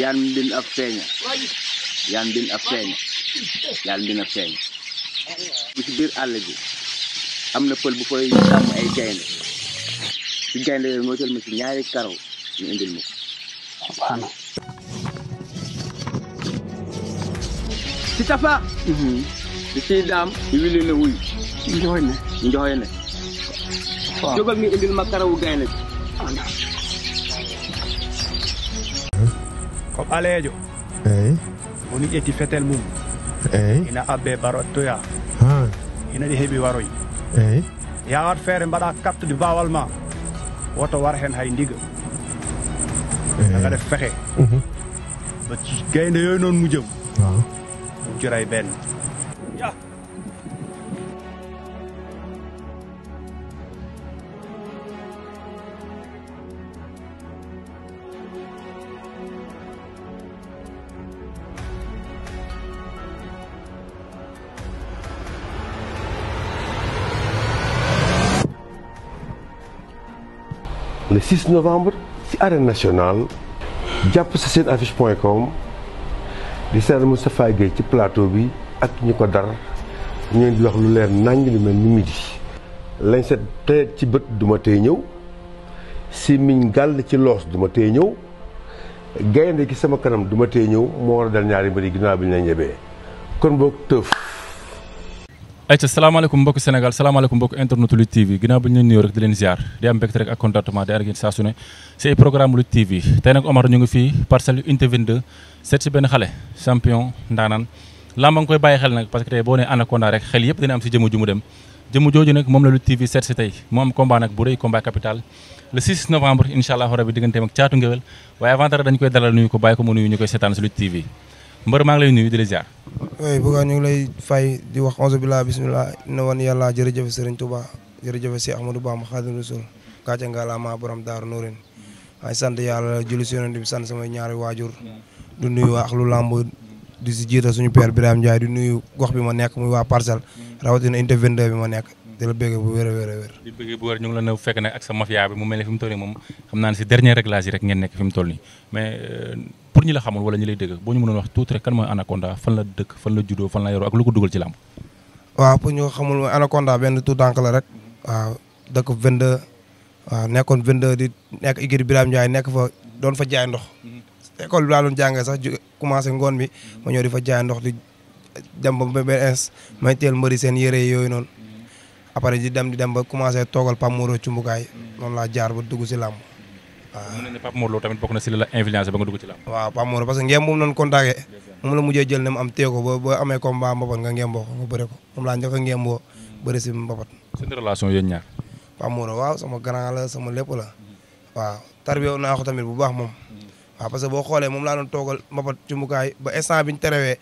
yan din ab feeña yan din ab feeña yan din ab feeña bi ci biir àll bi am na pël bu fay sàmm ay gaynde ci gaynde yooyu moo jël ma ci ñaari karaw ñu indil ma ko ci tafa di mhm. ciy daam di wili na wuy njoxoy ne njoxoy ne jógal nga indil ma karawu gaynde bi ah, aleejo woni ƴetti fetel mum eyi ina abbe barottoya ina ɗi heeɓi waroy eyi yawat feere mbaɗa kattude bawal ma woto war hen hay ndiga aga def fexe mhm. ba gaynde yooyu noon mujjam mujjora e benn le 6 novembre ci arène nationale jàpp sa seen affiche point com di seetlu Moustapha Gueye ci plateau bi ak ñu ko dar ñu di wax lu leer naññ lu mel ni lañ set tey ci bët duma tey ñëw si miñ gàll ci loos duma tey ñëw gaynde gi sama kanam duma tey ñëw moo war a dal ñaari mbir yi ginnaaw bi na la ñebee kon boog tëf. ayca salaamaaleykum mbokk Sénégal salaamaaleykum mbokk internet Lutte TV ginnaaw bi ñu leen nuyoo rek di leen ziar di am mbégte rek ak contentement di argin saa su ne si programme Lutte TV tey nag Omar ñu ngi fii parcelle unité 22 seet si benn xale champion ndaanaan lamba nga koy bàyyi xel nag parce que tey boo nee Anaconda rek xel yëpp dina am si jëmu ju mu dem jëmu jooju nag moom la Lutte TV seet si tey mu am combat nag bu rëy combat capital le novembre incha allah mbër maa ngi lay nuyu di la ziar. oui Bouga ñu ngi lay fay di wax onze billah bismillah na wan yàlla jërëjëf Serigne Touba jërëjëf si Ahmadou Bamba Khadimu Rasul gàcce ngalaama borom daar Noorin ay sant yàlla julli si yonent bi sant samay ñaari waajur du nuyu waa axlu làmb di si jiital suñu père Birame Ndiaye di nuyu gox bi ma nekk muy waa parcelle rawatina unité 22 bi ma nekk di la bëggee bu wér a wér a wér di bëggee bu ñu la ne fekk nag ak sa mafia bi mu mel ne fi mu toll nii moom xam naa ne si dernier réglage yi rek ngeen nekk fi mu toll nii mais euh, pour ñi la xamul wala ñi lay dëgg boo ñu mënoon wax tuuti rek kan mooy Anaconda fan la dëkk fan la juddoo fan la yoroo ak lu ko dugal ci làmb waaw pour ñu xamul mooy Anaconda benn tout tànk la rek waaw dëkk 22 waaw nekkoon 22 di nekk igir Birame Ndiaye nekk fa doon fa jaay ndox mhm. école bi laa doon jàngee commencé ngoon bi ma ñëw fa jaay ndox di dem ba BBS may teel seen yére yooyu noonu après di dem di dem ba commencé toogal Pape Moro Cumbukaay moom laa jaar ba dugg si làmb waaw mu ne ne Pape Mor Lo tamit bokk na si la influence ba nga dugg ci làmb. waaw Pape Mor parce que ngeen moom noonu contacté moom la mujjee jël ne mu am téye ko ba ba amee mbapat nga ngeen boo ko moom laa njëkk ngeen boo bëri si mbapat. seen relation yéen ñaar. Pape waaw sama grand la sama lépp la waaw tarbiyewu naa ko tamit bu baax moom. waaw parce que boo xoolee moom laa doon toogal mbapat cumbukaay ba instant bi ñu terewee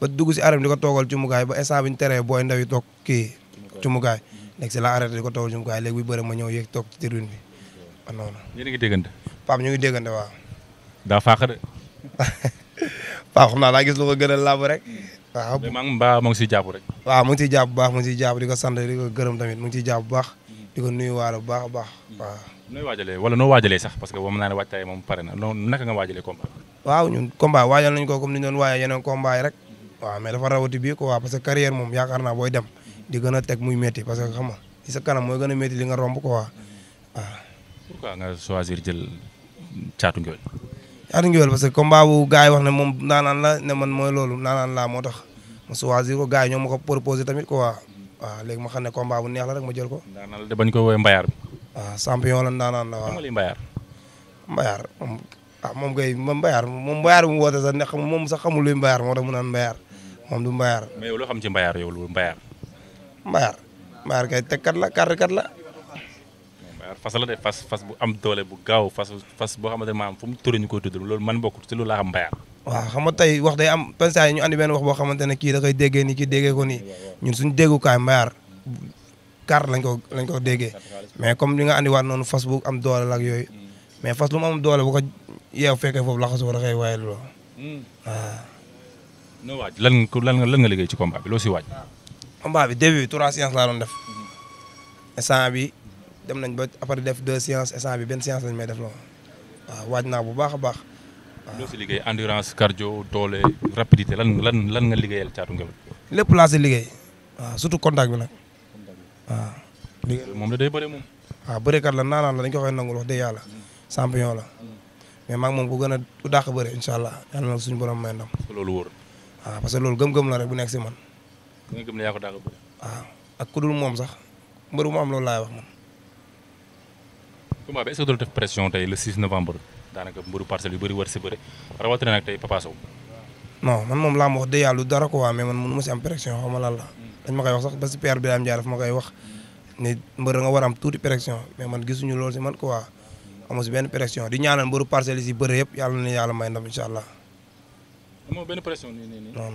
dugg si arène ko toogal cumbukaay ba instant bi ñu terewee booy ndaw yi kii cumukaay léegi la arrêté di ko taw cumukaay léegi bu bëri ma ñëw yéeg toog ci tribune bi a ah, noonu yéen a ngi déggante Pape ñu ngi déggante waaw daa faax de Pape xam naa daa gis lu bu baax mu ngi siy jàpp di ko sant di ko tamit mu ngi siy jàpp di ko nuyu waale bu baax a baax waaw parce que moom naa ne na noo naka rek waaw mais dafa rawati bii parce que carrière moom yaakaar naa booy dem di gën a teg muy métti parce que xam nga li sa kanam mooy gën a métti li nga romb quoi waaw. pourquoi choisir jël caatu ngéwél. caatu ngéwél parce que combat bu gars yi wax ne moom naanaan la ne man mooy loolu naanaan laa moo tax ma choisir ko gars yi ma ko proposé tamit quoi waaw léegi ma xam ne la rek ma jël ko. naanaan la de bañ ko woowee mbayaar bi. waaw champion la naanaan la waaw. mbayaar. mbayaar moom ah moom kay moom mbayaar du mbayaar. mais yow loo xam ci mbayaar yow lu maar maar kay tegkat la kàrkat la. maar fas la de fas fas bu am doole bu gaaw fas boo xamante ne maanaam fu mu tëri ñu koy tudd loolu man bokkul ci loolu laa xam mbayar. waaw xam wax day am pensa yi ñu andi benn wax boo xamante ne kii da koy déggee nii kii déggee ko nii ñun suñu déggukaay mbayar kar lañ ko lañ ko déggee mais comme li nga andiwaat noonu fas bu am doole la ak mais fas lu mu am doole bu ko yeew fekkee foofu la xasu war a xëy waaye loolu hmm. waaw. noo waaj lan lan nga liggéey ci combat bi loo si waaj. combat bi début trois séances laa doon def instant bi dem nañ ba après def deux séances instant bi benn séance lañ may def loolu waaw waaj naa bu baax a baax. loo si liggéey endurance cardio doole rapidité lan lan lan nga liggéeyal caatu ngewel. lépp laa si liggéey waaw surtout contact bi nag waaw. liggéey moom la day bëre moom. waaw bërekat la naanaan la dañ ko koy nangul wax dëgg yàlla champion la. mais maag moom ku gën a ku dàq bëre incha allah yàlla na suñu borom may ndam. parce que loolu wóor loolu gëm-gëm la rek bu nekk si man. ki nga ah, ku moom sax mbër mu am loolu laay wax man. combat bi est-ce que doon def pression tey le 6 bëri war si bëri non man moom laa ma wax dëgg yàlla dara ko waa mais man mënu ma si am pression xaw ma la. dañ ma koy wax sax ba si père bi am jaar daf ma koy wax. ne mbër nga war am tuuti pression mais man gisuñu loolu si man ko waa amu si benn pression di ñaanal mbëru parcelles yi si bëri yëpp yàlla na yàlla may ndam incha allah. amoo benn nii nii nii. non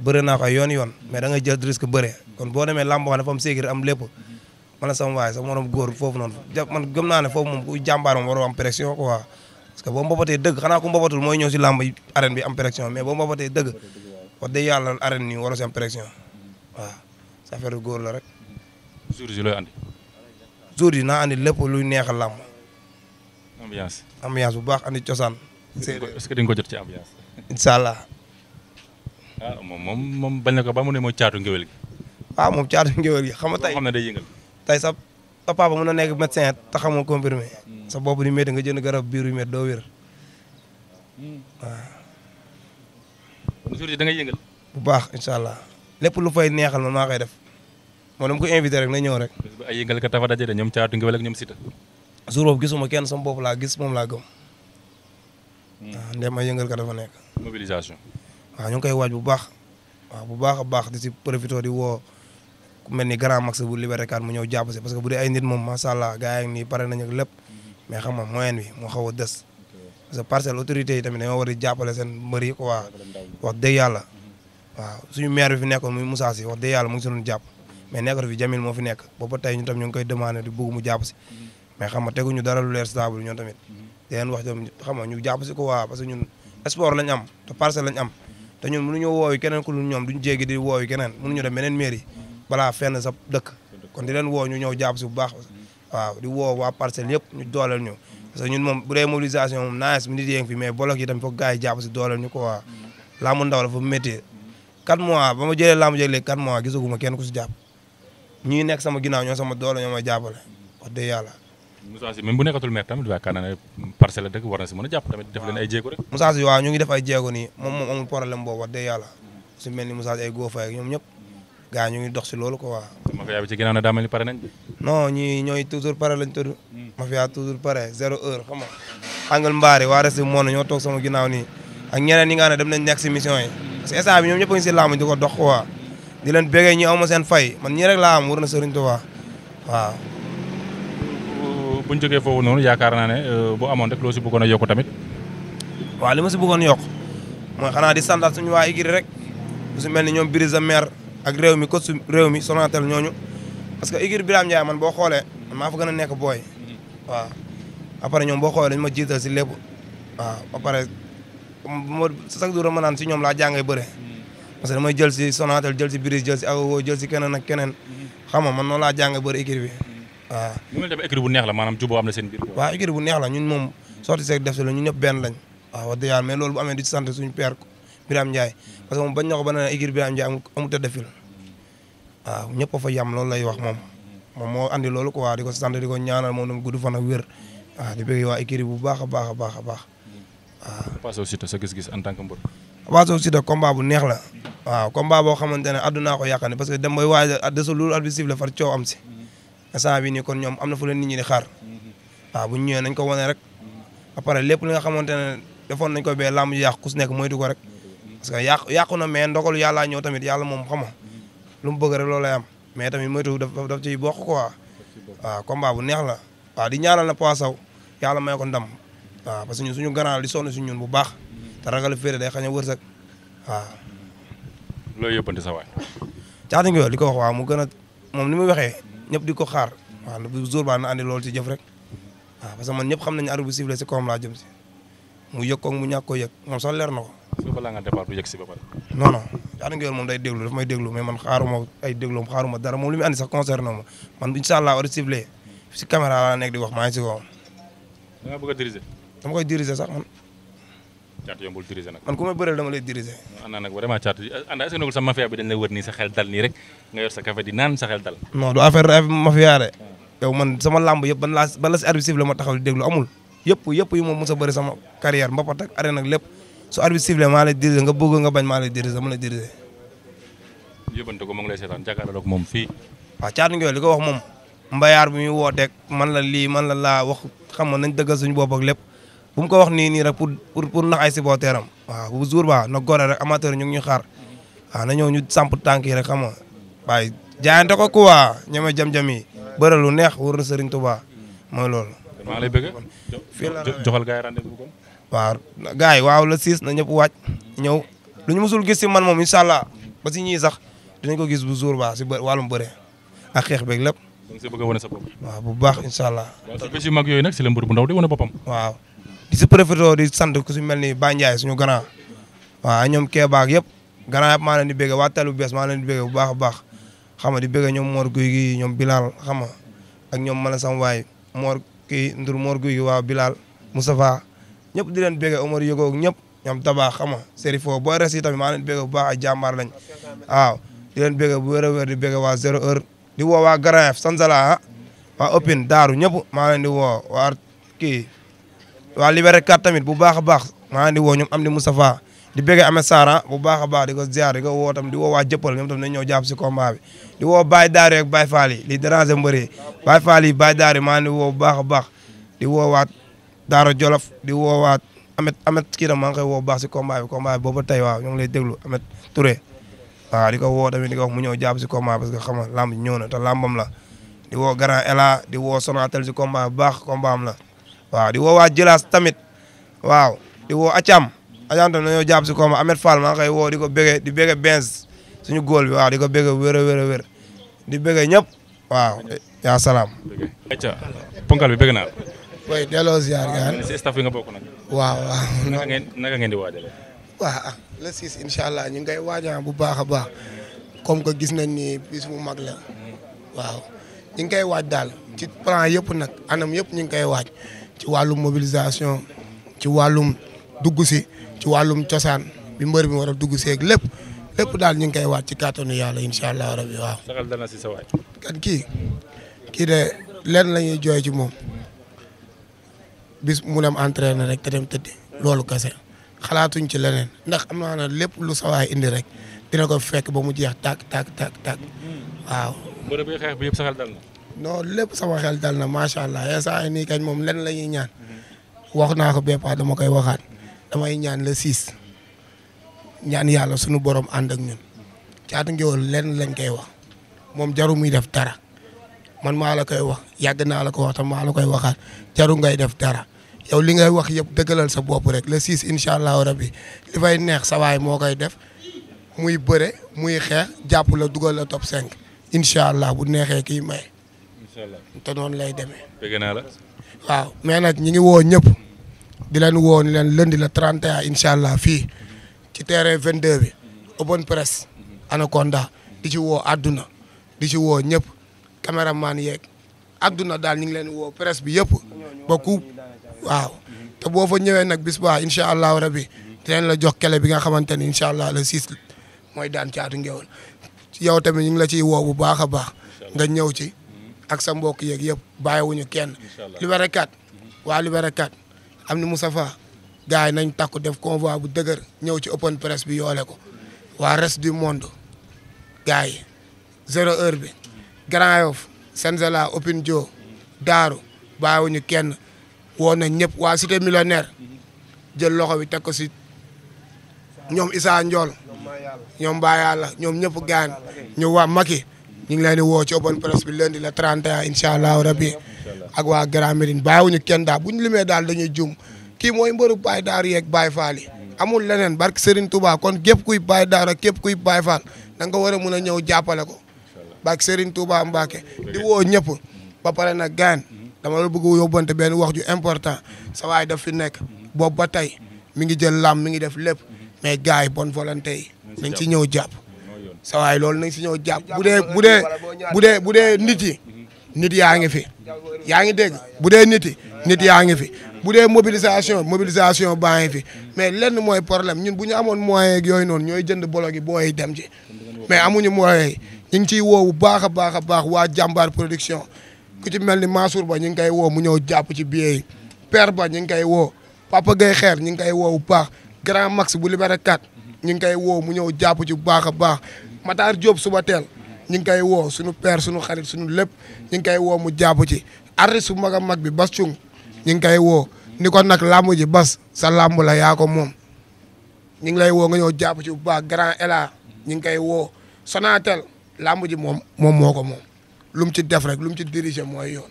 bëre naa ko yoon yoon mais da ngay jël risque bëre kon boo demee làmb wax dafa am sécurité am lépp man la sama waay sama morom foofu noonu man gëm naa ne foofu moom ku jàmbaar moom waroo am pression quoi parce que boo mbobatee dëgg xanaa ku mbobatul mooy ñëw si làmb yi arène bi am pression mais boo mbobatee dëgg wax dëgg yàlla arène nii waroo am pression waaw sa affaire góor la rek. jours yi looy yi naa andi lépp luy neexal làmb. ambiance ambiance bu baax andi cosaan. est-ce que ko jot ci ambiance. ah moom moom moom bañ na ko ba mu ne mooy caatu ngéwél gi. waaw ah, moom caatu xam nga tey xam day yëngal. tey sa sa papa mun na nekk médecin te xamoo confirmé. Hmm. sa bopp di métti nga jënd garab biir yu métti doo wér. Hmm. waaw. jour yi da ngay yëngal. bu baax incha allah lépp lu fay neexal man maa koy def moo dama ko invité rek na ñëw rek. ay yëngal ka tafa daje de caatu ngéwél ak ñoom sita. jour boobu gisuma kenn sama bopp laa gis moom laa gëm. Hmm. waaw ndem yëngal ka dafa nekk. mobilisation. waa ñu ngi koy waaj bu baax waaw bu baax a baax di si profité di woo ku mel ni grand max bu Liberté 4 mu ñëw jàpp si parce que bu dee moom macha allah gars yi nii pare nañ ak lépp mais xam nga moyen moo xaw des. parce que parcelle autorité yi tamit dañoo war a jàppale seen mbër yi quoi wax dëgg yàlla waaw suñu maire bi fi nekkoon muy yàlla mu ngi si doon jàpp mais nekkul fi Jamil moo fi nekk boobu ba tey ñu koy demandé di bëgg jàpp si mais xam nga teguñu dara lu leer stable ñoom tamit. di leen wax tam xam nga ñu jàpp si quoi parce que ñu sport lañ am te parcelle lañ am te ñun mënuñoo woowi keneen ku dul ñoom duñ jéggi di woowi keneen mënuñu dem beneen mairie balaa fenn sa dëkk kon di leen woo ñu ñëw jàpp si bu baax waaw di woo waa parcelle yëpp ñu dooleel ñu parce ñun moom bu dee mobilisation moom naes mi nit yéeng fi mais bolok yi tam foog gars yi jàpp si dooleel ñu ko waa laamu ndaw dafa métti quatre mois ba ma jëlee laamu jëg léegi quatre mois ma kenn ku si jàpp ñii nekk sama ginnaaw ñoo sama doole ñoo ma jàppale wax dëgg yàlla Moussa Sy même bu nekkatul maire tamit yaakaar naa ne parcelle la dëkk war na si mën a jàpp tamit def leen ay jéego rek ni Moussa Sy ay góofaay ak ñoom ñëpp gaa ñu ngi dox si loolu quoi mafia bi ci ginnaaw na daa mel ni pare heure xam nga angal mbaari waa reste moon ñoo toog sama ginnaaw nii ak ñeneen ñi nga dem na nekk mission yi parce que instant bi ñoom ñëpp a ngi si laamu di ko dox quoi di leen bégee ma seen fay man ñi rek na sëriñ Tuubaa waaw bu ñu jógee foofu noonu yaakaar naa ne euh, bu amoon rek loo si bëggoon a yokk tamit. waaw li ma si bëggoon yokk mooy xanaa di santaat suñu waa igri rek bu si mel ni ñoom a maire ak réew mi ko su mi Sonatel ñooñu parce que igri Birame Ndiaye man boo xoolee man maa fa a nekk booy waaw après ñoom boo xoolee dañu ma jiital si lépp waaw ba pare ma chaque ma naan si ñoom laa jàngee bëre parce que damay jël si Sonatel jël si Biris jël si Agogo jël si keneen ak keneen xam man noonu laa jàngee bëre igri bi. waaw mu ngeen neex la maanaam juboo am na seen biir waaw moom sorti seeg def si la ñun ñëpp benn lañ waaw wax dëgg yàlla mais loolu bu amee di sant suñu père Birame Ndiaye parce que moom bañ na ko ba ne écurie Birame Ndiaye amul amul ñëpp a fa lay wax moom moo andi loolu quoi di ko sant ko ñaanal moom nam gudd fan bu baax a baax a baax a baax waaw Papa Sow Siteu sa neex la waaw combat boo xamante ne addunaa ko yàqane parce am si instant bi nii kon ñoom am na fu leen nit ñi di xaar waaw bu ñu ñëwee nañ ko wane rek après lépp li nga xamante ne defoon nañ ko bee làmb ji ku si nekk moytu ko rek parce que yàqu yàqu na mais ndogalu yàllaa ñëw tamit yàlla moom xam nga lu mu bëgg rek loolu lay am mais tamit moytu daf daf ciy bokk quoi waaw combat bu neex la waaw di ñaanal na Papa Sow yàlla may ko ndam waaw parce que ñun suñu ganaar di sonn si ñun bu baax te ragal féere day xañ a wërsëg waaw. loolu yëppante sa waay. caati nga li ko wax mu gën a ni mu waxee. ñëpp di ko xaar waaw bu jour baa na andi loolu ci jëf rek waaw parce que man ñëpp xam nañu arbitre bu sifflé si koom laa jëm si mu yëg ko mu ñàkk ko yëg moom sax leer na ko. su balaa nga départ du yëg si ba pare. non non Ada Gueye moom day déglu daf may déglu mais man xaaruma ay déglu xaaruma dara moom li mu andi sax concerné ma man incha allah war a sifflé si caméra laa nekk di wax maa ngi si ko. da nga bëgg a diriger. dama koy diriger sax caatu yombul diriger nag. man ku may bëreel dama lay diriger. ànd nag vraiment caatu ànd est-ce sa mafia di naan sa xel dal. non du affaire de. yow man sama làmb yëpp ban laa ban la si arbitre siffle ma taxaw di déglu amul yëpp yëpp yi moom mos a bëri sama carrière mbapat ak arène ak lépp su arbitre siffle maa lay diriger nga bëgg nga bañ maa lay diriger dama lay diriger. yóbbante ko mu ngi lay seetaan jàkkaarloog moom fii. a caatu ngooy li ko wax moom mbayaar bi muy wooteeg man la lii man la laa wax xam nga nañ dëggal suñu bopp ak lépp bu mu ko wax nii nii rek pour pour pour nax ay supporter am waaw bu jour ba na gore rek amateur ñu ngi ñu xaar na ñëw ñu samp tànk yi rek xam nga waaye jaayante ko kuwa ñeme jam-jam yi bëre lu neex wër na Serigne Touba mooy loolu. maa lay bëgg joxal gars yi rendez-vous yi waaw la siis na ñëpp wàcc ñëw lu ñu mësul gis si man moom incha allah ba si sax dinañ ko gis bu jour ba si wàllum bëre ak xeex beeg lépp. donc si bëgg a wane sa bopp. waaw bu baax incha allah. waaw yooyu nag si la mbër bu ndaw di wane boppam. waaw. di si di sant ku si mel ni Baye Ndiaye suñu grand waaw ñoom Kéba baak yëpp grand yëpp maa leen di bëgg waa Talu Bees maa leen di bëgg bu baax a baax xam nga di bëgg ñoom Mor Guy gi ñoom Bilal xam nga ak ñoom mën a sam waay Mor kii Ndour Mor Guy gi waaw Bilal Moustapha ñëpp di leen bëgg Omar Yego ñëpp ñoom Taba xam nga Serifo boo res tamit maa leen di bëgg bu baax ay di leen bëgg bu wér a wér di waa zéro di woo waa Grand F Sanzala ah, waa Opine Daaru ñëpp maa leen di woo waa kii waa Liberté 4 tamit bu baax a baax maa ngi di woo ñoom am di Moustapha di bëggee Ameth Sara bu baax a baax di ko ziar ko woo tam di woo waa jëppal ñoom tam ñëw jàpp si combat bi di woo Baye Daara ak Baye Fall yi li déranger mbër yi Baye Fall yi Baye di woo bu baax a baax di woo waat Daara Jolof di woo waat Ameth Ameth kii tam maa ngi koy woo bu baax si combat bi combat bi booba tey waaw ñu ngi lay déglu Ameth Touré waaw di ko woo tamit di ko wax mu ñëw jàpp si combat parce que xam nga lamb ñëw na te lambam la di woo Grand Ela di woo Sonatel si combat bu baax combat la waaw di woo waa tamit waaw di woo Acam Acam tamit dañoo jàpp si koom Ahmed Fall maa ngi koy woo di ko bëggee di bëggee Benz suñu góol bi waaw di ko bëggee wér wér a wér di bëggee ñëpp waaw yaa ponkal bi bëgg naa. oui delloo ziar gaan ah, si staff bi nga bokk nag. waaw waaw. ngeen di ah, le 6 incha allah ñu ngi koy waajal bu baax a baax comme que gis nañ ni bis bu mag la hmm. waaw ñu ngi koy waaj daal ci plan yëpp nag anam yëpp ñu ngi koy waaj. ci wàllum mobilisation ci wàllum dugg si ci wàllum cosaan bi mbër mi war a dugg seeg lépp lépp daal ñu ngi koy waat ci kàttanu yàlla incha allah rabi waaw. saxal dana si sa waay. kan kii kii de lenn la jooy ci moom bis mu dem entraîné rek te dem tëddi loolu kese xalaatuñ ci leneen ndax am naa ne lépp lu sawaay indi rek dina ko fekk ba mu jeex tàkk tàkk tàkk tàkk waaw. non lépp sama xel dal na macha allah instant yii nii kañ moom lenn la ñuy ñaan. wax naa ko bépp dama koy waxaat. damay ñaan la 6. ñaan yàlla sunu borom ànd ak ñun. caatu ngéwél lenn lañ koy wax. moom jaru muy def dara. man maa la koy wax yàgg naa la ko wax tam maa la koy waxaat jaru ngay def dara. yow li ngay wax yëpp dëggalal sa bopp rek le 6 incha allahu rabbi li fay neex sa waay moo koy def muy bëre muy xeex jàpp la dugal la top 5 incha allah bu neexee kii may. incha allah te noonu lay demee. dégg la. waaw mais nag ñi ngi woo ñëpp di leen woo ni leen lundi le 31 incha allah fii ci terrain 22 bi open press Anaconda di ci woo àdduna di ci woo ñëpp caméraman yeeg àdduna daal ñu ngi leen woo presse bi yëpp ba ku waaw te boo fa ñëwee nag bis ba incha allahu rabi dinañ la jox kele bi nga xamante ni incha allah le 6 mooy daan caatu ngéwal yow tamit ñu ngi la ciy woo bu baax a baax nga ñëw ci. ak sa mbokk yeeg yëpp bàyyiwuñu kenn. incha allah Liberté 4 mhm. waa Liberté 4 am na Moustapha gars yi nañ takku def convoi bu dëgër ñëw ci open press bi yoole ko waa reste du monde gars zéro heure bi. Grand Yoff Senzala Open Dio Daaru bàyyiwuñu kenn woo na ñëpp waa cité millionnaire mhm. jël loxo bi teg ko si ñoom Issa Ndiol ñoom Ba Yàlla ñoom ñëpp gaan ñu waa Maki. ñu ngi leen di woo ci open press bi la le 31 incha allahu rabi ak waa Grand Médine ñu kenn daal bu ñu limee daal dañuy juum kii mooy mbëru Baye Daaru yeeg Baye Fall yi amul leneen barke Serigne Touba kon képp kuy Baye Daaru ak képp kuy Baye Fall da nga war a mun a ñëw jàppale ko barke Serigne Touba Mbacke di woo ñëpp ba pare nag gaan dama la bëgg yóbbante benn wax ju important sa waay daf fi nekk boobu ba tey mi ngi jël lam mi ngi def lépp mais gars yi bonne volonté yi nañ ñëw jàpp sa waay loolu nañ si ñëw jàpp bu dee bu dee dee bu dee nit yi nit yaa ngi fi yaa ngi dégg bu dee nit yi nit yaa ngi fi bu dee mobilisation mobilisation baa ngi fi mm-hmm. mais lenn mooy problème ñun bu ñu amoon moyen yeeg yooyu noonu ñooy jënd bolo gi booy dem ci mais amuñu moyen ñu ngi ciy woo bu baax a baax a baax waa jàmbaar production ku ci mel ni Mansour Ba ñu ngi koy woo mu ñëw jàpp ci billet yi Père Ba ñu ngi koy woo Papa Gueye Xeer ñu ngi koy woo bu baax Grand Max bu Liberté kat mm-hmm. ñu ngi koy woo mu ñëw jàpp ci bu baax a baax Matar Diop suba teel ñu ngi koy woo suñu père suñu xarit suñu lépp ñu ngi koy woo mu jàpp ci artiste bu mag a mag bi Bass Thioung ñu ngi koy woo ni kon nag làmb ji Bass sa làmb la yaa moom ñu ngi lay woo nga ñëw jàpp ci bu baax grand Ela ñu ngi koy woo Sonatel làmb ji moom moom moo ko moom lu mu ci def rek lu mu ci diriger mooy yoon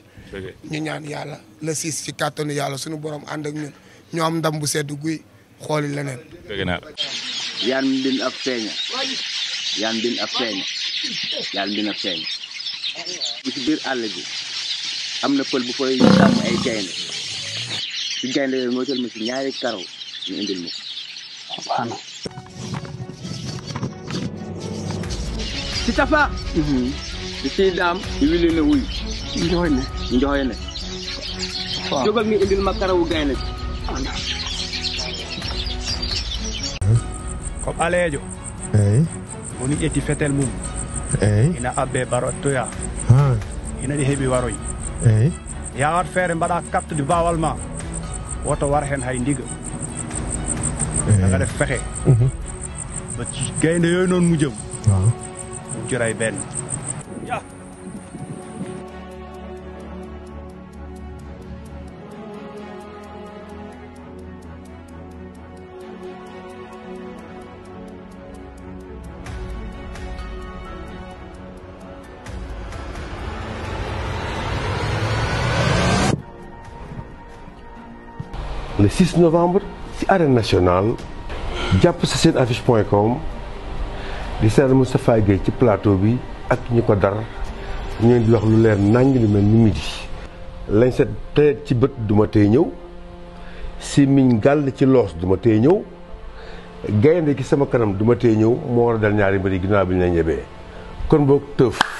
ñu ñaan yàlla le six ci kàttanu yàlla suñu borom ànd ak ñun ñu am ndam bu sedd guy xooli leneen. dëgg yaan mbin ak feeña yaa mbin ab feeñ yaa mbin ab feeñ biir àll bi am na pël bu fay sàmm ay gaynde ci gaynde moo jël ma ci ñaari karaw ñu indil ma ko ci tafa mhm. indil ma karawu gaynde bi ko ɓaleejo eeyi woni ƴettifetel mum eyi ina abbe barottoya ina ɗi heeɓi waroy eyi yawat feere mbaɗa kattude bawal ma woto war hen hay ndiga daga def fexe mhm. ba gaynde yooyu noon mujjam mujjora e benn le 6 novembre ci arène nationale jàpp sa seen affiche point com di seetlu Moustapha Gueye ci plateau bi ak ñu ko dar ñu di wax lu leer nañ lu mel ni lañ set tey ci bët duma tey ñëw si miñ gàll ci loos duma tey ñëw gaynde gi sama kanam duma tey ñëw moo war dal ñaari mbir yi ginnaaw bi ñu la ñebee kon boog tëf.